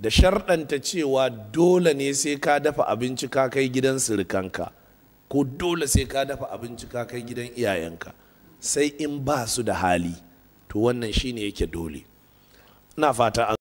da sharɗanta cewa dole ne sai ka dafa abinci ka kai gidan sirikanka ko dole sai ka dafa abinci ka kai gidan iyayenka sai in ba su da hali to wannan shine yake dole na fata